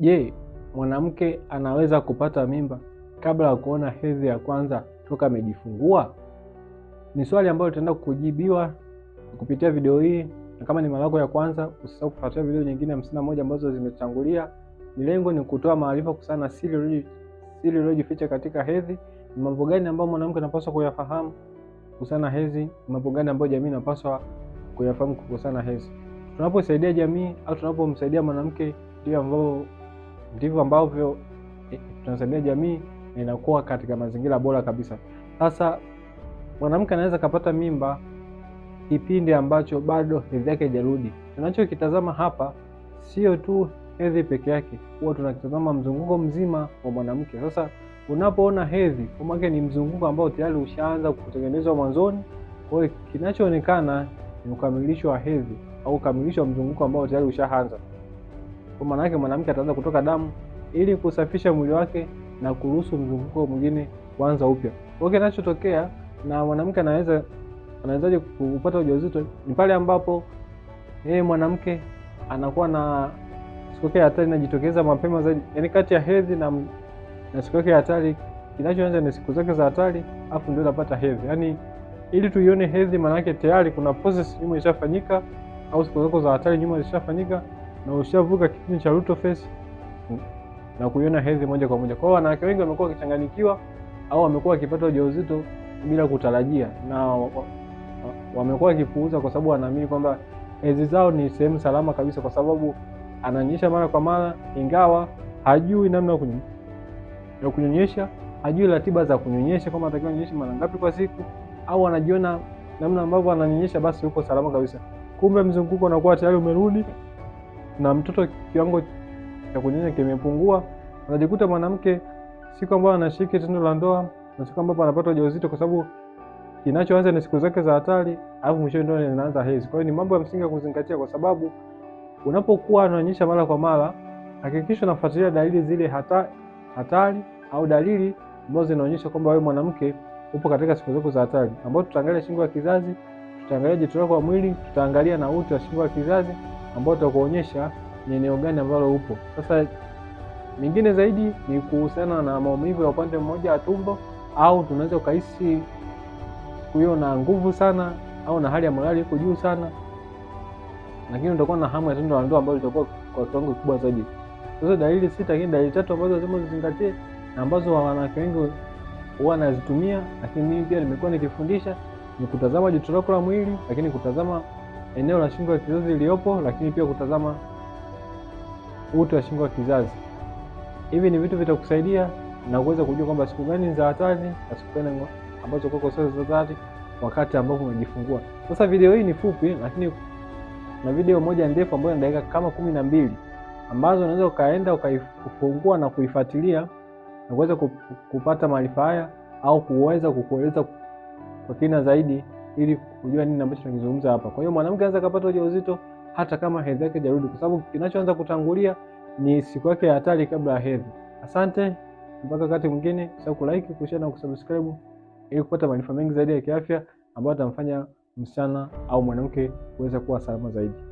Je, mwanamke anaweza kupata mimba kabla ya kuona hedhi ya kwanza toka amejifungua? Ni swali ambalo tutaenda kujibiwa kupitia video hii, na kama ni mara yako ya kwanza, usisahau kufuatilia video nyingine hamsini na moja ambazo zimetangulia. Ni lengo ni kutoa maarifa kuhusiana na siri iliyojificha katika hedhi. Ni mambo gani ambayo mwanamke anapaswa kuyafahamu kuhusiana na hedhi? Ni mambo gani ambayo jamii inapaswa kuyafahamu kuhusiana na hedhi? Tunaposaidia jamii au tunapomsaidia mwanamke, ndio ambao ndivyo ambavyo eh, tunasaidia jamii inakuwa katika mazingira bora kabisa. Sasa mwanamke anaweza kapata mimba kipindi ambacho bado hedhi yake haijarudi. Tunachokitazama hapa sio tu hedhi peke yake, huwa tunakitazama mzunguko mzima wa mwanamke. Sasa unapoona hedhi, maanake ni mzunguko ambao tayari ushaanza kutengenezwa mwanzoni. Kwa hiyo kinachoonekana ni ukamilisho wa hedhi au ukamilisho wa mzunguko ambao tayari ushaanza. Kwa maana yake mwanamke ataanza kutoka damu ili kusafisha mwili wake na kuruhusu mzunguko mwingine kuanza upya. Kwa hiyo kinachotokea na mwanamke anaweza anawezaje kupata ujauzito ni pale ambapo yeye mwanamke anakuwa na siku yake hatari inajitokeza mapema zaidi, yaani kati ya hedhi na na siku yake hatari, kinachoanza ni siku zake za hatari, afu ndio unapata hedhi. Yaani ili tuione hedhi, maana yake tayari kuna process nyuma ishafanyika, au siku zako za hatari nyuma zishafanyika na ushavuka kipindi cha luteal na kuiona hedhi moja kwa moja. Kwa hiyo wanawake wengi wamekuwa wakichanganyikiwa au wamekuwa wakipata ujauzito bila kutarajia na wamekuwa wakipuuza, kwa sababu wanaamini kwamba hedhi zao ni sehemu salama kabisa, kwa sababu ananyonyesha mara kwa mara, ingawa hajui namna ya kunyonyesha, hajui ratiba za kunyonyesha, kama atakiwa nyonyeshe mara ngapi kwa siku, au anajiona namna ambavyo ananyonyesha basi yuko salama kabisa, kumbe mzunguko unakuwa tayari umerudi na mtoto kiwango cha kunyonya kimepungua, anajikuta mwanamke siku ambayo anashiriki tendo la ndoa na siku ambapo anapata ujauzito, kwa sababu kinachoanza ni siku zake za hatari, alafu mwisho ndio inaanza hedhi. Kwa hiyo ni mambo ya msingi ya kuzingatia, kwa sababu unapokuwa unaonyesha mara kwa mara, hakikisha unafuatilia dalili zile hata, hatari au dalili ambazo zinaonyesha kwamba wewe mwanamke upo katika siku zako za hatari, ambapo tutaangalia shingo ya kizazi, tutaangalia joto lako la mwili, tutaangalia na uti wa shingo ya kizazi ambao tutakuonyesha ni eneo gani ambalo upo sasa. Mingine zaidi ni kuhusiana na maumivu ya upande mmoja wa tumbo, au tunaweza ukahisi kuyo na nguvu sana, au na hali ya morali iko juu sana, lakini utakuwa na hamu ya tendo la ndoa ambalo litakuwa kwa kiwango kikubwa zaidi. Sasa dalili sita, lakini dalili tatu ambazo lazima uzingatie na ambazo wanawake wengi huwa wanazitumia, lakini mimi pia nimekuwa nikifundisha ni kutazama joto lako la mwili, lakini kutazama eneo la shingo ya kizazi iliyopo, lakini pia kutazama uti wa shingo ya kizazi. Hivi ni vitu vitakusaidia na kuweza kujua kwamba siku gani ni za hatari na siku gani ambazo kwako sio za hatari wakati ambapo umejifungua. Sasa video hii ni fupi, lakini na video moja ndefu ambayo ina dakika kama kumi na mbili ambazo unaweza ukaenda ukaifungua na kuifuatilia na kuweza kupata maarifa haya au kuweza kukueleza kwa kina zaidi ili kujua nini ambacho tunakizungumza hapa. Kwa hiyo mwanamke anaweza akapata ujauzito hata kama hedhi yake jarudi kwa sababu kinachoanza kutangulia ni siku yake ya hatari kabla ya hedhi. Asante, mpaka wakati mwingine, usahau kulike, kushare na kusubscribe ili kupata maarifa mengi zaidi ya kiafya ambayo atamfanya msichana au mwanamke kuweza kuwa salama zaidi.